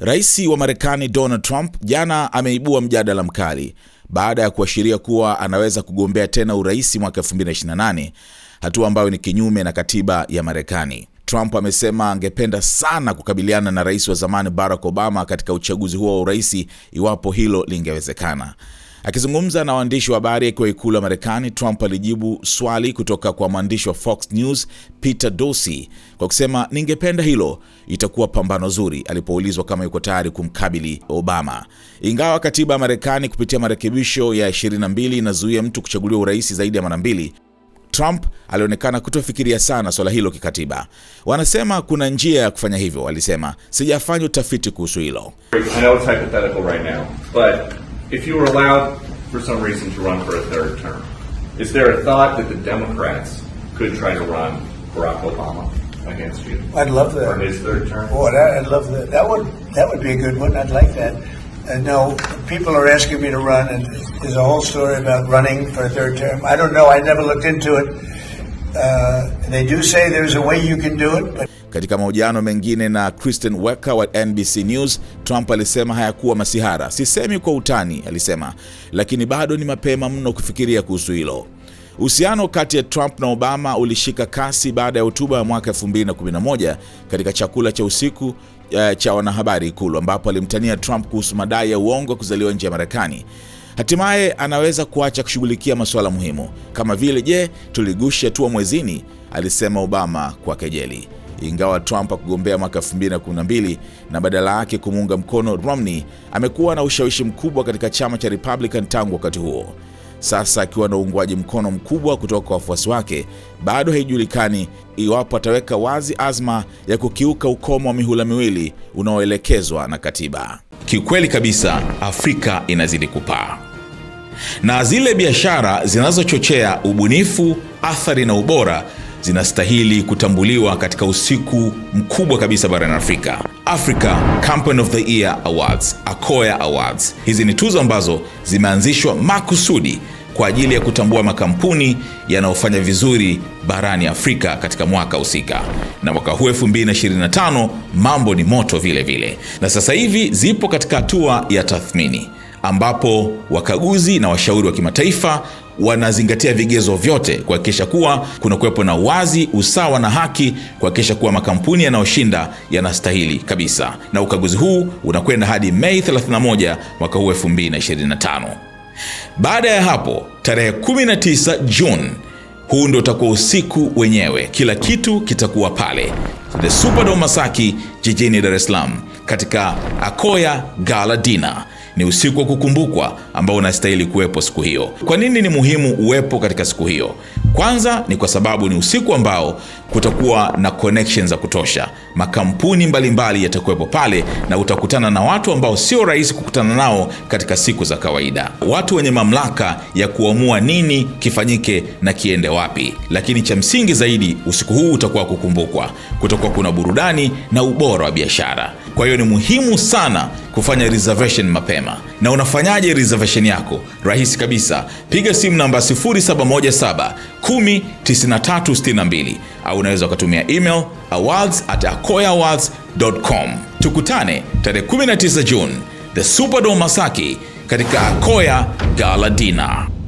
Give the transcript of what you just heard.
Rais wa Marekani Donald Trump jana ameibua mjadala mkali baada ya kuashiria kuwa anaweza kugombea tena urais mwaka 2028, hatua ambayo ni kinyume na katiba ya Marekani. Trump amesema angependa sana kukabiliana na rais wa zamani Barack Obama katika uchaguzi huo wa urais iwapo hilo lingewezekana. Akizungumza na waandishi wa habari akiwa ikulu ya Marekani, Trump alijibu swali kutoka kwa mwandishi wa Fox News Peter Doocy kwa kusema ningependa hilo, itakuwa pambano zuri, alipoulizwa kama yuko tayari kumkabili Obama. Ingawa katiba ya Marekani kupitia marekebisho ya 22 inazuia mtu kuchaguliwa urais zaidi ya mara mbili, Trump alionekana kutofikiria sana swala hilo kikatiba. Wanasema kuna njia ya kufanya hivyo, alisema. Sijafanya utafiti kuhusu hilo. Right if you were allowed, for some reason, to run for a third term, is there a thought that the Democrats could try to run Barack Obama against you I'd love for that. his third term? Boy, that, I'd love that. That would, that would be a good one. I'd like that. And uh, no, people are asking me to run, and there's a whole story about running for a third term. I don't know. I never looked into it. Uh, they do say there's a way you can do it, but Katika mahojiano mengine na Kristen Welker wa NBC News, Trump alisema hayakuwa masihara. Sisemi kwa utani, alisema, lakini bado ni mapema mno kufikiria kuhusu hilo. Uhusiano kati ya Trump na Obama ulishika kasi baada ya hotuba ya mwaka 2011 katika chakula cha usiku uh, cha wanahabari Ikulu, ambapo alimtania Trump kuhusu madai ya uongo kuzaliwa nje ya Marekani. Hatimaye anaweza kuacha kushughulikia masuala muhimu kama vile, je, tuligusha tu mwezini, alisema Obama kwa kejeli. Ingawa Trump hakugombea mwaka 2012 na badala yake kumuunga mkono Romney, amekuwa na ushawishi mkubwa katika chama cha Republican tangu wakati huo. Sasa akiwa na uungwaji mkono mkubwa kutoka kwa wafuasi wake, bado haijulikani iwapo ataweka wazi azma ya kukiuka ukomo wa mihula miwili unaoelekezwa na katiba. Kiukweli kabisa, Afrika inazidi kupaa na zile biashara zinazochochea ubunifu, athari na ubora zinastahili kutambuliwa katika usiku mkubwa kabisa barani Afrika, Africa Company of the Year Awards, Acoya Awards. Hizi ni tuzo ambazo zimeanzishwa makusudi kwa ajili ya kutambua makampuni yanayofanya vizuri barani Afrika katika mwaka husika, na mwaka huu 2025 mambo ni moto vile vile, na sasa hivi zipo katika hatua ya tathmini ambapo wakaguzi na washauri wa kimataifa wanazingatia vigezo vyote kuhakikisha kuwa kuna kuwepo na uwazi, usawa na haki, kuhakikisha kuwa makampuni yanayoshinda yanastahili kabisa. Na ukaguzi huu unakwenda hadi Mei 31 mwaka huu 2025. Baada ya hapo, tarehe 19 Juni, huu ndio utakuwa usiku wenyewe, kila kitu kitakuwa pale The Superdome Masaki jijini Dar es Salaam katika Akoya Galadina. Ni usiku wa kukumbukwa ambao unastahili kuwepo siku hiyo. Kwa nini ni muhimu uwepo katika siku hiyo? Kwanza ni kwa sababu ni usiku ambao kutakuwa na connection za kutosha, makampuni mbalimbali yatakuwepo pale na utakutana na watu ambao sio rahisi kukutana nao katika siku za kawaida, watu wenye mamlaka ya kuamua nini kifanyike na kiende wapi. Lakini cha msingi zaidi, usiku huu utakuwa kukumbukwa, kutakuwa kuna burudani na ubora wa biashara. Kwa hiyo ni muhimu sana kufanya reservation mapema. Na unafanyaje reservation yako? Rahisi kabisa, piga simu namba 0717 au unaweza ukatumia email awards at akoyaawards.com. Tukutane tarehe 19 Juni the Superdome Masaki katika Akoya Gala Dinner.